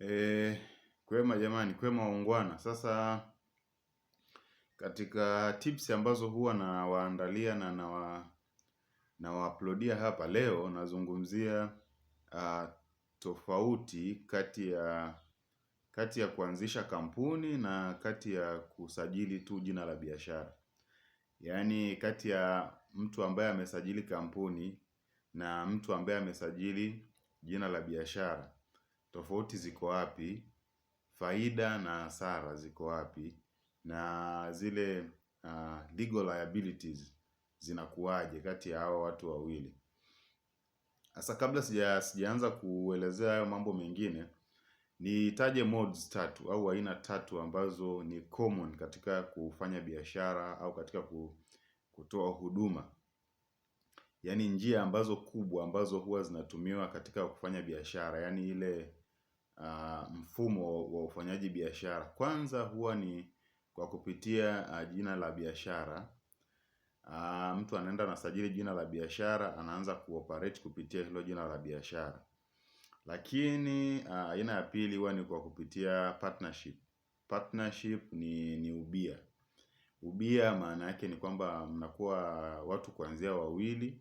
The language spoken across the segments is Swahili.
E, kwema jamani, kwema waungwana. Sasa katika tips ambazo huwa nawaandalia na nawa nawauploadia hapa leo, nazungumzia uh, tofauti kati ya kati ya kuanzisha kampuni na kati ya kusajili tu jina la biashara, yaani kati ya mtu ambaye amesajili kampuni na mtu ambaye amesajili jina la biashara tofauti ziko wapi, faida na hasara ziko wapi, na zile uh, legal liabilities zinakuwaje kati ya hao watu wawili. Sasa kabla sija sijaanza kuelezea hayo mambo mengine, nitaje modes tatu au aina tatu ambazo ni common katika kufanya biashara au katika kutoa huduma, yaani njia ambazo kubwa ambazo huwa zinatumiwa katika kufanya biashara, yaani ile Uh, mfumo wa ufanyaji biashara. Kwanza huwa ni kwa kupitia uh, jina la biashara. Uh, mtu anaenda anasajili jina la biashara, anaanza kuoperate kupitia hilo jina la biashara. Lakini aina ya pili huwa ni kwa kupitia partnership. Partnership ni ubia. Ubia maana yake ni kwamba mnakuwa watu kuanzia wawili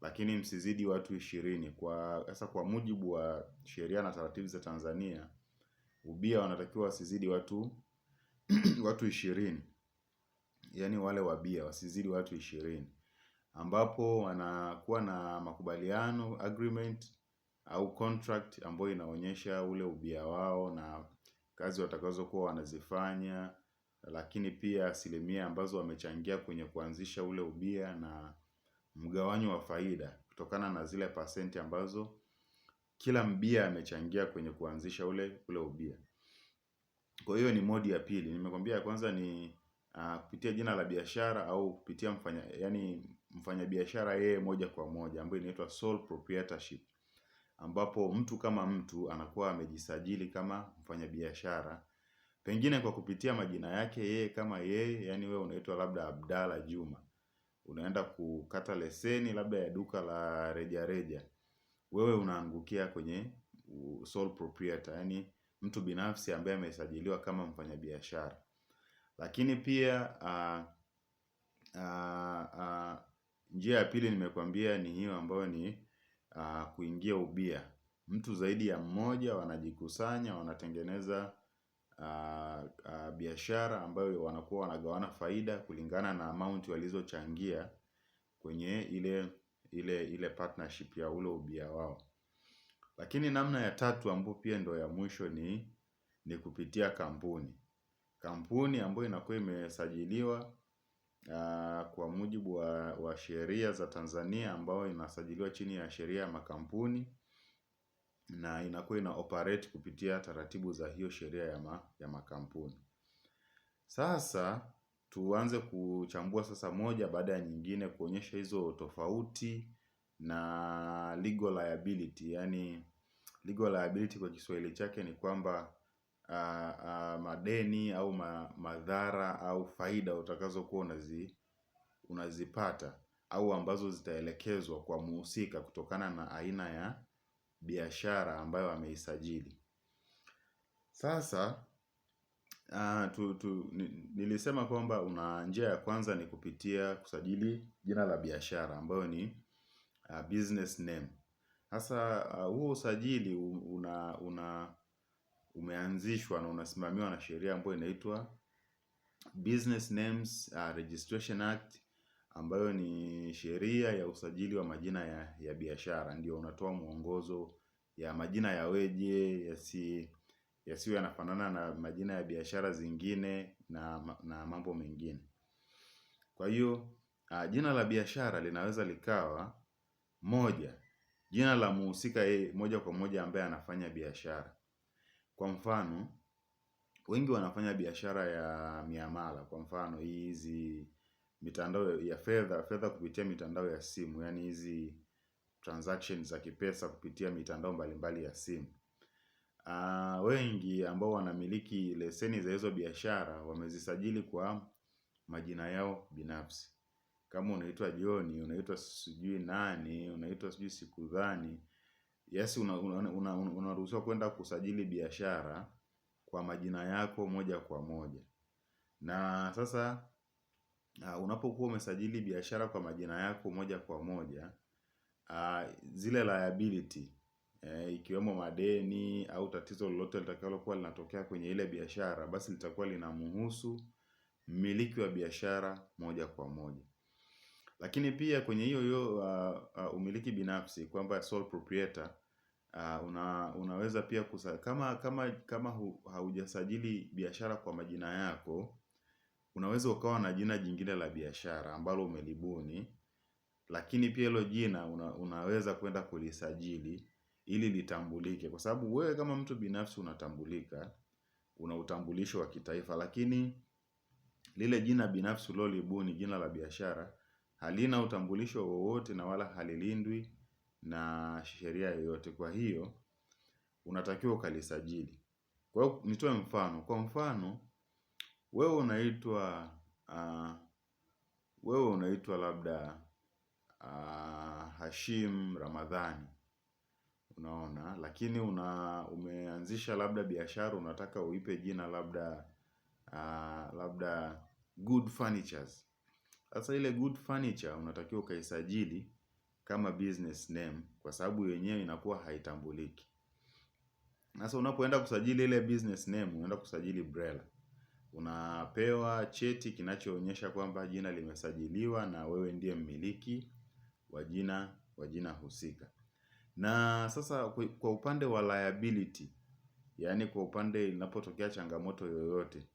lakini msizidi watu ishirini kwa sasa kwa mujibu wa sheria na taratibu za Tanzania ubia wanatakiwa wasizidi watu watu ishirini yaani wale wabia wasizidi watu ishirini ambapo wanakuwa na makubaliano agreement au contract ambayo inaonyesha ule ubia wao na kazi watakazokuwa wanazifanya lakini pia asilimia ambazo wamechangia kwenye kuanzisha ule ubia na mgawanyo wa faida kutokana na zile pasenti ambazo kila mbia amechangia kwenye kuanzisha ule ule ubia. Kwa hiyo ni modi ya pili. Nimekwambia ya kwanza ni uh, kupitia jina la biashara au kupitia mfanya yani mfanyabiashara yeye moja kwa moja ambayo inaitwa sole proprietorship ambapo mtu kama mtu anakuwa amejisajili kama mfanyabiashara pengine kwa kupitia majina yake yeye kama yeye, yani wewe unaitwa labda Abdalla Juma unaenda kukata leseni labda ya duka la reja reja wewe unaangukia kwenye sole proprietor yani mtu binafsi ambaye amesajiliwa kama mfanyabiashara lakini pia uh, uh, uh, njia ya pili nimekwambia ni hiyo ambayo ni uh, kuingia ubia mtu zaidi ya mmoja wanajikusanya wanatengeneza uh, biashara ambayo wanakuwa wanagawana faida kulingana na amount walizochangia kwenye ile ile ile partnership ya ule ubia wao. Lakini namna ya tatu ambayo pia ndo ya mwisho ni ni kupitia kampuni. Kampuni ambayo inakuwa imesajiliwa ah, kwa mujibu wa, wa sheria za Tanzania ambayo inasajiliwa chini ya sheria ya makampuni na inakuwa ina operate kupitia taratibu za hiyo sheria ya, ma, ya makampuni. Sasa tuanze kuchambua sasa moja baada ya nyingine kuonyesha hizo tofauti na legal liability. Yaani legal liability kwa kiswahili chake ni kwamba ah, ah, madeni au madhara au faida utakazokuwa unazi unazipata au ambazo zitaelekezwa kwa muhusika kutokana na aina ya biashara ambayo ameisajili. Sasa Ah, tu, tu, nilisema kwamba una njia ya kwanza ni kupitia kusajili jina la biashara ambayo ni uh, business name. Sasa ah, huo usajili una, una umeanzishwa na unasimamiwa na sheria ambayo inaitwa Business Names uh, Registration Act ambayo ni sheria ya usajili wa majina ya, ya biashara, ndio unatoa mwongozo ya majina yaweje yasi yasiyo yanafanana na majina ya biashara zingine na, na mambo mengine. Kwa hiyo jina la biashara linaweza likawa moja, jina la muhusika yeye moja kwa moja ambaye anafanya biashara. Kwa mfano, wengi wanafanya biashara ya miamala. Kwa mfano, hizi mitandao ya fedha, fedha kupitia mitandao ya simu, yani hizi transactions za kipesa kupitia mitandao mbalimbali ya simu. Ah, wengi ambao wanamiliki leseni za hizo biashara wamezisajili kwa majina yao binafsi. Kama unaitwa Joni, unaitwa sijui nani, unaitwa sijui siku gani. Yes, unaruhusiwa kwenda kusajili biashara kwa majina yako moja kwa moja. Na sasa ah, unapokuwa umesajili biashara kwa majina yako moja kwa moja, ah, zile liability Eh, ikiwemo madeni au tatizo lolote litakalokuwa linatokea kwenye ile biashara, basi litakuwa linamhusu mmiliki wa biashara moja kwa moja. Lakini pia kwenye hiyo hiyo uh, uh, umiliki binafsi kwamba sole proprietor uh, una, unaweza pia kusa, kama kama kama hu, haujasajili biashara kwa majina yako, unaweza ukawa na jina jingine la biashara ambalo umelibuni, lakini pia hilo jina una, unaweza kwenda kulisajili ili litambulike kwa sababu wewe kama mtu binafsi unatambulika una utambulisho wa kitaifa lakini lile jina binafsi ulilolibuni jina la biashara halina utambulisho wowote na wala halilindwi na sheria yoyote kwa hiyo unatakiwa ukalisajili kwa hiyo nitoe mfano kwa mfano wewe unaitwa uh, wewe unaitwa labda uh, Hashim Ramadhani unaona. Lakini umeanzisha labda biashara unataka uipe jina labda ah, labda good furnitures. Sasa ile good furniture unatakiwa ukaisajili kama business name kwa sababu yenyewe inakuwa haitambuliki. Sasa unapoenda kusajili ile business name unaenda kusajili BRELA. Unapewa cheti kinachoonyesha kwamba jina limesajiliwa na wewe ndiye mmiliki wa jina wa jina husika. Na sasa kwa upande wa liability, yaani kwa upande inapotokea changamoto yoyote,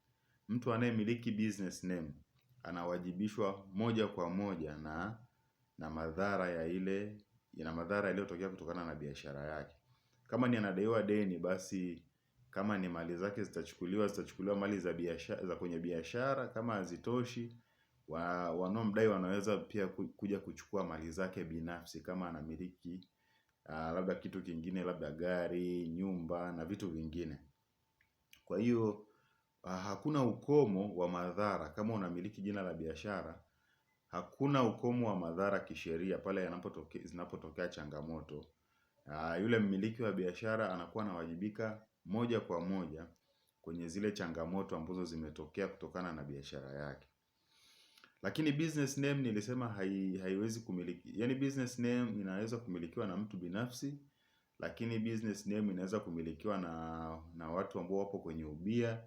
mtu anayemiliki business name anawajibishwa moja kwa moja na na madhara ya ile ina madhara yaliyotokea kutokana na biashara yake. Kama ni anadaiwa deni basi kama ni mali zake zitachukuliwa zitachukuliwa mali za biashara za kwenye biashara kama hazitoshi wanaomdai wanaweza pia kuja kuchukua mali zake binafsi kama anamiliki Ah, labda kitu kingine, labda gari, nyumba na vitu vingine. Kwa hiyo ah, hakuna ukomo wa madhara kama unamiliki jina la biashara, hakuna ukomo wa madhara kisheria pale yanapotokea zinapotokea changamoto. Ah, yule mmiliki wa biashara anakuwa anawajibika moja kwa moja kwenye zile changamoto ambazo zimetokea kutokana na biashara yake. Lakini business name nilisema hai, haiwezi kumiliki. Yaani business name inaweza kumilikiwa na mtu binafsi, lakini business name inaweza kumilikiwa na na watu ambao wapo kwenye ubia,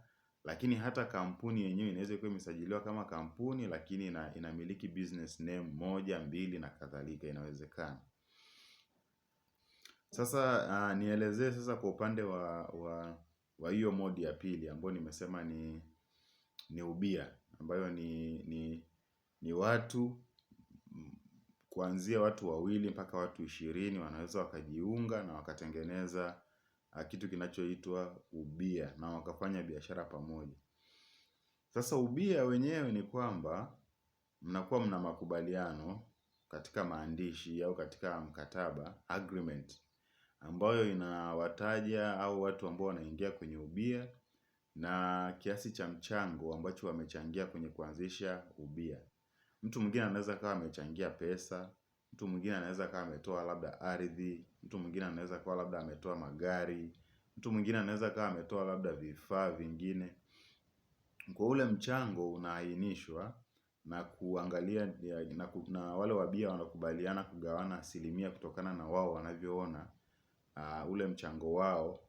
lakini hata kampuni yenyewe inaweza kuwa imesajiliwa kama kampuni lakini ina inamiliki business name moja, mbili na kadhalika inawezekana. Sasa ah, nielezee sasa kwa upande wa wa wa hiyo modi ya pili ambayo nimesema ni ni ubia ambayo ni ni ni watu kuanzia watu wawili mpaka watu ishirini wanaweza wakajiunga na wakatengeneza ah, kitu kinachoitwa ubia na wakafanya biashara pamoja. Sasa ubia wenyewe ni kwamba mnakuwa mna makubaliano katika maandishi au katika mkataba agreement ambayo inawataja au watu ambao wanaingia kwenye ubia na kiasi cha mchango ambacho wamechangia kwenye kuanzisha ubia mtu mwingine anaweza kawa amechangia pesa, mtu mwingine anaweza kawa ametoa labda ardhi, mtu mwingine anaweza kawa labda ametoa magari, mtu mwingine anaweza kawa ametoa labda vifaa vingine. Kwa ule mchango unaainishwa na kuangalia na wale wabia wanakubaliana kugawana asilimia kutokana na wao wanavyoona ah, ule mchango wao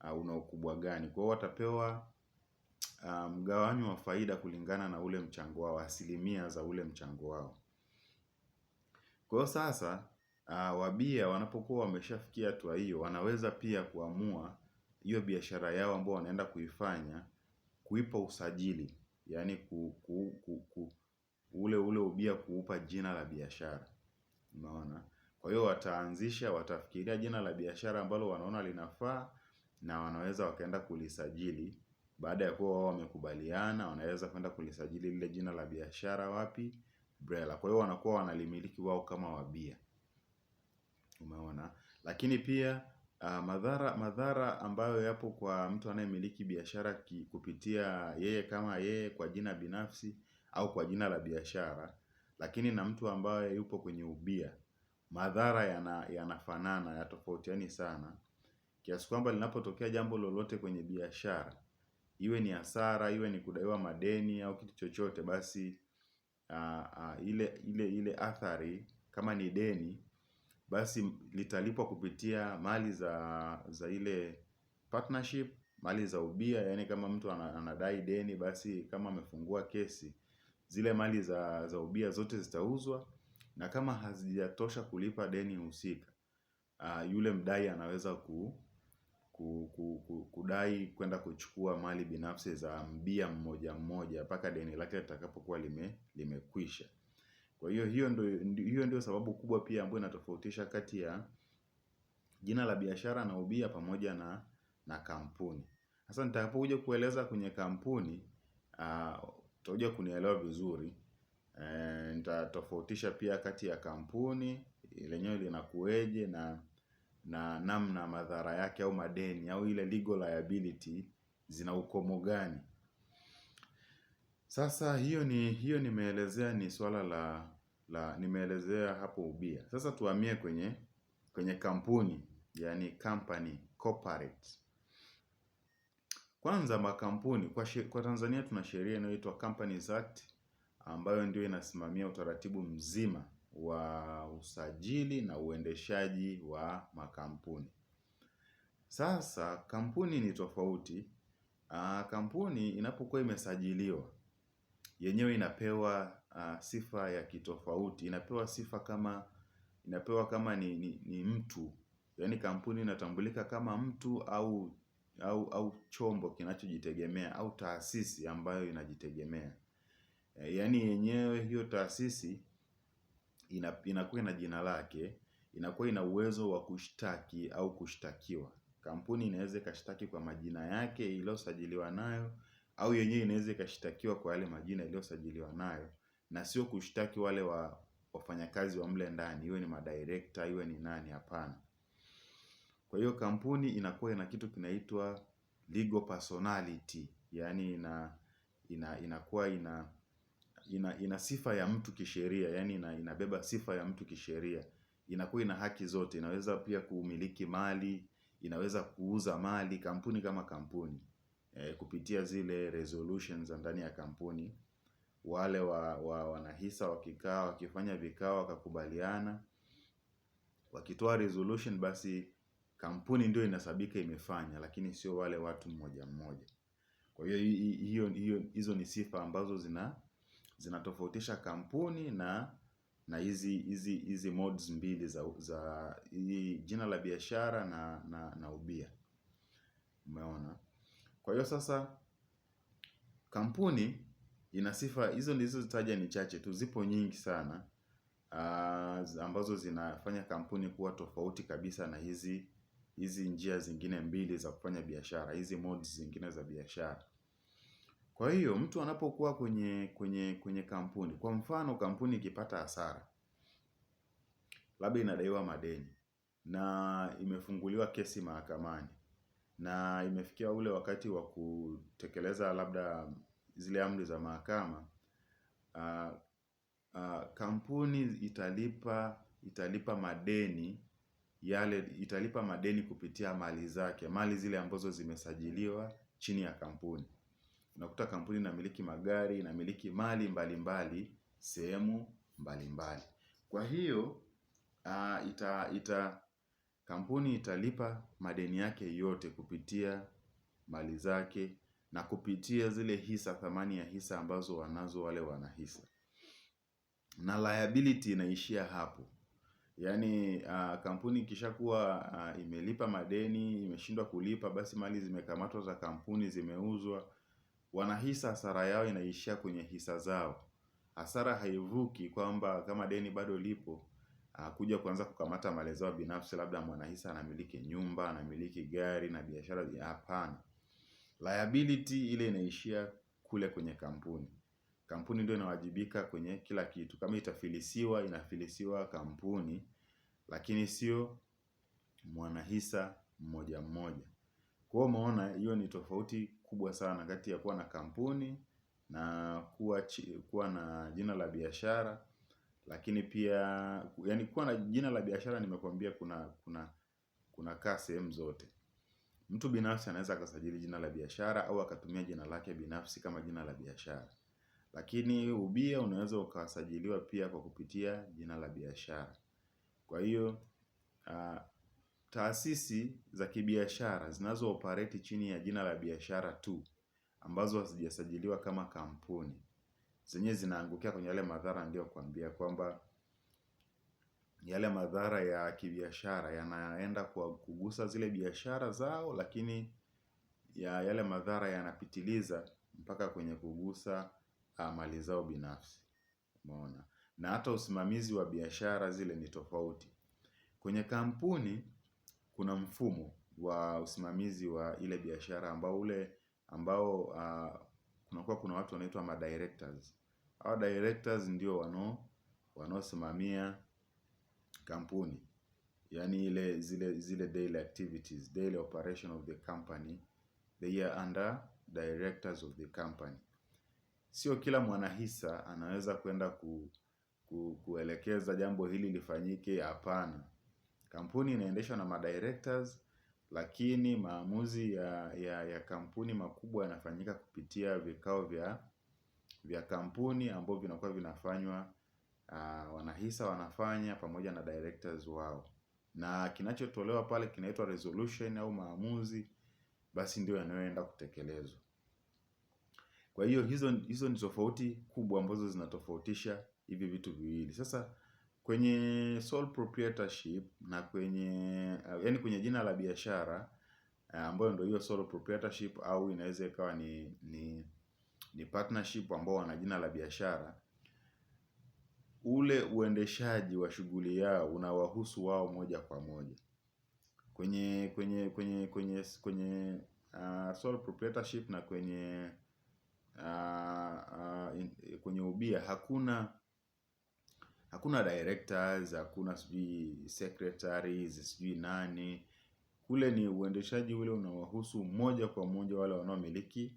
ah, una ukubwa gani. Kwa hiyo watapewa Um, mgawanyo wa faida kulingana na ule mchango wao, asilimia za ule mchango wao. Kwa hiyo sasa uh, wabia wanapokuwa wameshafikia hatua hiyo wanaweza pia kuamua hiyo biashara yao ambayo wanaenda kuifanya kuipa usajili yani ku, ku, ku, ku, ule ule ubia kuupa jina la biashara unaona. Kwa hiyo wataanzisha, watafikiria jina la biashara ambalo wanaona linafaa na wanaweza wakaenda kulisajili baada ya kuwa wao wamekubaliana, wanaweza kwenda kulisajili lile jina la biashara wapi? Brela. Kwa hiyo wanakuwa wanalimiliki wao kama wabia. Umeona? Lakini pia uh, madhara madhara ambayo yapo kwa mtu anayemiliki biashara kupitia yeye kama yeye kwa jina binafsi au kwa jina la biashara, lakini na mtu ambaye yupo kwenye ubia, madhara yana yanafanana, yatofautiani sana. Kiasi kwamba linapotokea jambo lolote kwenye biashara iwe ni hasara, iwe ni kudaiwa madeni au kitu chochote basi ile ile ile athari kama ni deni basi litalipwa kupitia mali za za ile partnership, mali za ubia yani kama mtu anadai deni basi kama amefungua kesi zile mali za za ubia zote zitauzwa na kama hazijatosha kulipa deni husika yule mdai anaweza ku kudai kwenda kuchukua mali binafsi za mbia mmoja mmoja mpaka deni lake litakapokuwa lime limekwisha. Kwa hiyo hiyo ndio hiyo ndio sababu kubwa pia ambayo inatofautisha kati ya jina la biashara na ubia pamoja na na kampuni. Sasa nitakapokuja kueleza kwenye kampuni ah, utakuja kunielewa vizuri. Eh, nitatofautisha pia kati ya kampuni lenyewe linakueje na na namna madhara yake au madeni au ile legal liability zina ukomo gani. Sasa hiyo ni hiyo nimeelezea ni swala la la nimeelezea hapo ubia. Sasa tuhamie kwenye kwenye kampuni, yani company corporate. Kwanza makampuni kwa, she, kwa Tanzania tuna sheria inayoitwa Companies Act ambayo ndio inasimamia utaratibu mzima wa usajili na uendeshaji wa makampuni. Sasa kampuni ni tofauti. Ah, kampuni inapokuwa imesajiliwa yenyewe inapewa uh, sifa ya kitofauti. Inapewa sifa kama inapewa kama ni, ni, ni mtu yaani kampuni inatambulika kama mtu au au au chombo kinachojitegemea au taasisi ambayo inajitegemea. Eh, yaani yenyewe hiyo taasisi ina, inakuwa ina jina lake, inakuwa ina uwezo wa kushtaki au kushtakiwa. Kampuni inaweza ikashtaki kwa majina yake iliyosajiliwa nayo au yenyewe inaweza ikashtakiwa kwa yale majina iliyosajiliwa nayo na sio kushtaki wale wa wafanyakazi wa mle ndani, iwe ni madirekta, iwe ni nani, hapana. Kwa hiyo kampuni inakuwa ina kitu kinaitwa legal personality, yani ina ina inakuwa ina ina, ina sifa ya mtu kisheria, yani ina, inabeba sifa ya mtu kisheria. Inakuwa ina haki zote, inaweza pia kumiliki mali, inaweza kuuza mali, kampuni kama kampuni e, kupitia zile resolutions za ndani ya kampuni. Wale wa, wa wanahisa wakikaa wakifanya vikao wakakubaliana, wakitoa resolution, basi kampuni ndio inasabika imefanya, lakini sio wale watu mmoja mmoja. Kwa hiyo hiyo hizo ni sifa ambazo zina zinatofautisha kampuni na na hizi hizi hizi modes mbili za za hii jina la biashara na na, na ubia. Umeona? Kwa hiyo sasa kampuni ina sifa hizo ndizo zitaja ni chache tu, zipo nyingi sana uh, ambazo zinafanya kampuni kuwa tofauti kabisa na hizi hizi njia zingine mbili za kufanya biashara, hizi modes zingine za biashara. Kwa hiyo mtu anapokuwa kwenye kwenye kwenye kampuni, kwa mfano kampuni ikipata hasara, labda inadaiwa madeni na imefunguliwa kesi mahakamani na imefikia ule wakati wa kutekeleza labda zile amri za mahakama uh, uh, kampuni italipa italipa madeni yale italipa madeni kupitia mali zake, mali zile ambazo zimesajiliwa chini ya kampuni. Unakuta kampuni inamiliki magari, inamiliki mali mbalimbali sehemu mbalimbali. Kwa hiyo uh, ita, ita kampuni italipa madeni yake yote kupitia mali zake na kupitia zile hisa, thamani ya hisa ambazo wanazo wale wanahisa, na liability inaishia hapo. Yaani uh, kampuni ikishakuwa uh, imelipa madeni, imeshindwa kulipa, basi mali zimekamatwa za kampuni, zimeuzwa wanahisa hasara yao inaishia kwenye hisa zao. Hasara haivuki kwamba kama deni bado lipo kuja kuanza kukamata mali zao binafsi, labda mwanahisa anamiliki nyumba, anamiliki gari na biashara. Hapana, liability ile inaishia kule kwenye kampuni. Kampuni ndio inawajibika kwenye kila kitu. Kama itafilisiwa, inafilisiwa kampuni, lakini sio mwanahisa mmoja mmoja. Kwa hiyo umeona, hiyo ni tofauti kubwa sana kati ya kuwa na kampuni na kuwa kuwa na jina la biashara lakini pia yani kuwa na jina la biashara nimekwambia kuna kuna kunakaa sehemu zote. Mtu binafsi anaweza akasajili jina la biashara au akatumia jina lake binafsi kama jina la biashara. Lakini ubia unaweza ukasajiliwa pia kwa kupitia jina la biashara. Kwa hiyo ah, Taasisi za kibiashara zinazo operate chini ya jina la biashara tu ambazo hazijasajiliwa kama kampuni zenyewe zinaangukia kwenye yale madhara niliyokuambia kwamba yale madhara ya kibiashara yanaenda kwa kugusa zile biashara zao, lakini ya yale madhara yanapitiliza mpaka kwenye kugusa ah, mali zao binafsi. Umeona? Na hata usimamizi wa biashara zile ni tofauti. Kwenye kampuni kuna mfumo wa usimamizi wa ile biashara ambao ule ambao uh, kunakuwa kuna watu wanaitwa directors. au directors ndio wano wanaosimamia kampuni, yani ile zile zile daily activities, daily operation of the company, they are under directors of the company. Sio kila mwanahisa anaweza kwenda ku, ku, kuelekeza jambo hili lifanyike, hapana. Kampuni inaendeshwa na madirectors lakini maamuzi ya, ya, ya kampuni makubwa yanafanyika kupitia vikao vya vya kampuni ambavyo vinakuwa vinafanywa uh, wanahisa wanafanya pamoja na directors wao, na kinachotolewa pale kinaitwa resolution au maamuzi, basi ndio yanayoenda kutekelezwa. Kwa hiyo hizo hizo ni tofauti kubwa ambazo zinatofautisha hivi vitu viwili sasa Kwenye sole proprietorship na kwenye eh, yani kwenye jina la biashara eh, ambayo ndio hiyo sole proprietorship au inaweza ikawa ni ni ni partnership ambao wana jina la biashara ule uendeshaji wa shughuli yao unawahusu wao moja kwa moja. Kwenye kwenye kwenye kwenye kwenye uh, sole proprietorship na kwenye uh, uh, in, kwenye ubia hakuna hakuna directors, hakuna sijui secretaries, sijui nani. Kule ni uendeshaji ule unawahusu moja kwa moja wale wanaomiliki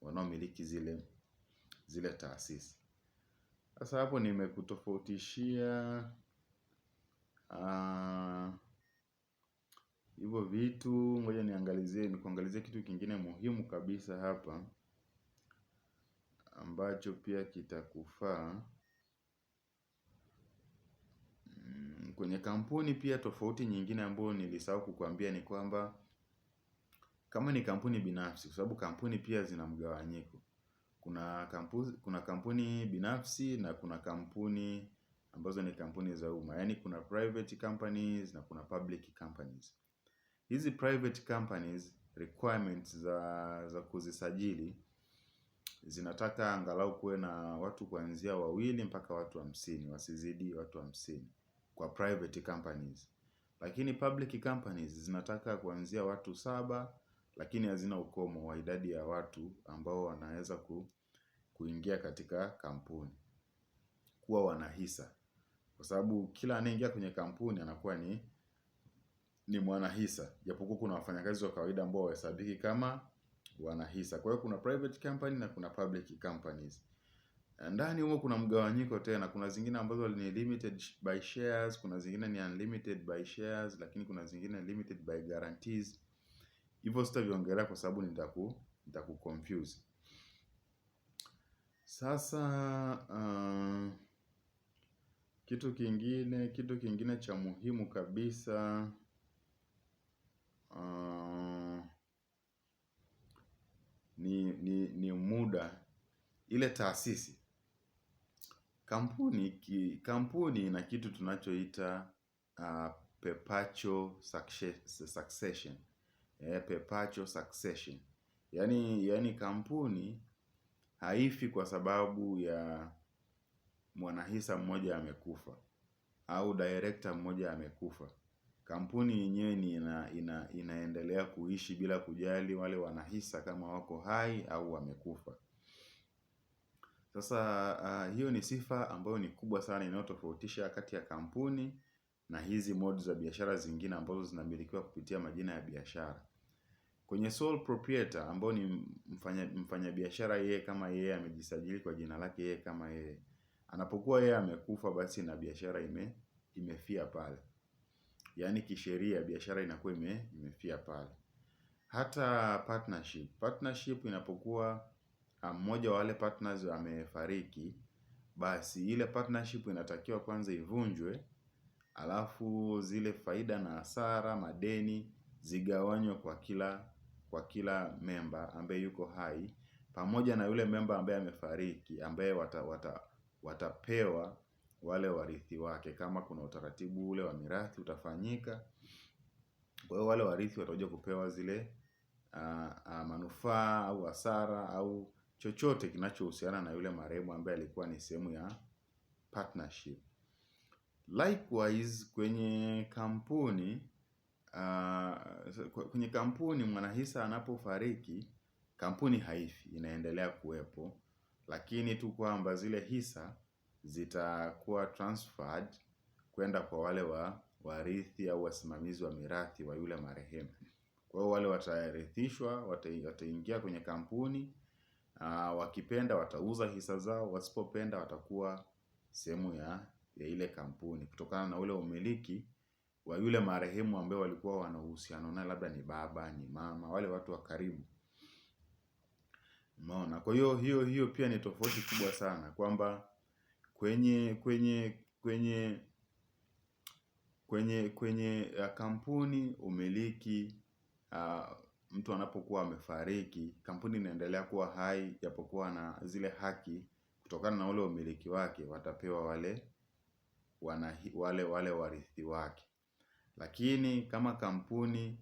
wanaomiliki zile zile taasisi. Sasa hapo nimekutofautishia ah, hivyo uh, vitu. Ngoja niangalizie nikuangalizie kitu kingine muhimu kabisa hapa ambacho pia kitakufaa. Kwenye kampuni pia tofauti nyingine ambayo nilisahau kukuambia ni kwamba kama ni kampuni binafsi kwa sababu kampuni pia zina mgawanyiko. Kuna kampuni binafsi na kuna kampuni ambazo ni kampuni za umma Yaani kuna private companies na kuna public companies. Hizi private companies requirements za kuzisajili zinataka angalau kuwe na watu kuanzia wawili mpaka watu hamsini wasizidi watu hamsini kwa private companies. Lakini public companies zinataka kuanzia watu saba lakini hazina ukomo wa idadi ya watu ambao wanaweza kuingia katika kampuni. Kuwa wanahisa. Kwa sababu kila anayeingia kwenye kampuni anakuwa ni ni mwanahisa. Japokuwa kuna wafanyakazi wa kawaida ambao wahesabiki kama wanahisa. Kwa hiyo kuna private company na kuna public companies ndani humo kuna mgawanyiko tena, kuna zingine ambazo ni limited by shares, kuna zingine ni unlimited by shares, lakini kuna zingine limited by guarantees. Hivyo sitaviongelea kwa sababu nitaku nitaku confuse. Sasa uh, kitu kingine kitu kingine cha muhimu kabisa uh, ni, ni, ni muda ile taasisi Kampuni ina kitu tunachoita perpetual succession. E, perpetual succession. Yaani kampuni haifi kwa sababu ya mwanahisa mmoja amekufa au director mmoja amekufa. Kampuni yenyewe ni inaendelea kuishi bila kujali wale wanahisa kama wako hai au wamekufa. Sasa uh, hiyo ni sifa ambayo ni kubwa sana inayotofautisha kati ya kampuni na hizi modi za biashara zingine ambazo zinamilikiwa kupitia majina ya biashara. Kwenye sole proprietor ambao ni mfanya mfanyabiashara yeye kama yeye amejisajili kwa jina lake yeye kama yeye. Anapokuwa yeye amekufa basi na biashara ime imefia pale. Yaani kisheria biashara inakuwa ime imefia pale. Hata partnership, partnership inapokuwa Ah, mmoja wa wale partners amefariki, basi ile partnership inatakiwa kwanza ivunjwe, alafu zile faida na hasara, madeni zigawanywe kwa kila kwa kila memba ambaye yuko hai pamoja na yule memba ambaye amefariki ambaye wata, wata, watapewa wale warithi wake, kama kuna utaratibu ule wa mirathi utafanyika. Kwa hiyo wale warithi watakuja kupewa zile uh, uh, manufaa au hasara au chochote kinachohusiana na yule marehemu ambaye alikuwa ni sehemu ya partnership. Likewise kwenye kampuni uh, kwenye kampuni mwanahisa anapofariki kampuni haifi, inaendelea kuwepo, lakini tu kwamba zile hisa zitakuwa transferred kwenda kwa wale wa warithi au wasimamizi wa mirathi wa yule marehemu. Kwa hiyo wale watarithishwa, wataingia kwenye kampuni Wakipenda watauza hisa zao, wasipopenda watakuwa sehemu ya ile kampuni kutokana na ule umiliki wa yule marehemu ambaye walikuwa wana uhusiano naye labda ni baba, ni mama, wale watu wa karibu umeona kwa hiyo hiyo hiyo pia ni tofauti kubwa sana kwamba kwenye kwenye kwenye kwenye kwenye kampuni umiliki. Ah, mtu anapokuwa amefariki, kampuni inaendelea kuwa hai japokuwa na zile haki kutokana na ule umiliki wake watapewa wale wana wale wale warithi wake. Lakini kama kampuni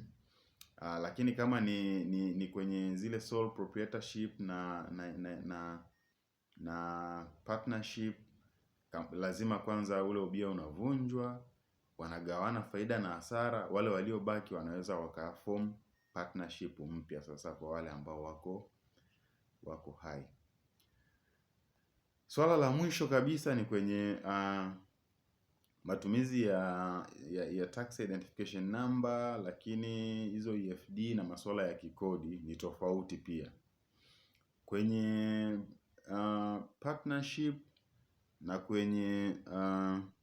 ah, lakini kama ni, ni ni kwenye zile sole proprietorship na na na, na, na partnership kam, lazima kwanza ule ubia unavunjwa, wanagawana faida na hasara. Wale waliobaki wanaweza wakaform partnership mpya sasa kwa wale ambao wako wako hai. Swala la mwisho kabisa ni kwenye uh, matumizi ya, ya, ya tax identification number, lakini hizo EFD na masuala ya kikodi ni tofauti pia. Kwenye uh, partnership na kwenye uh,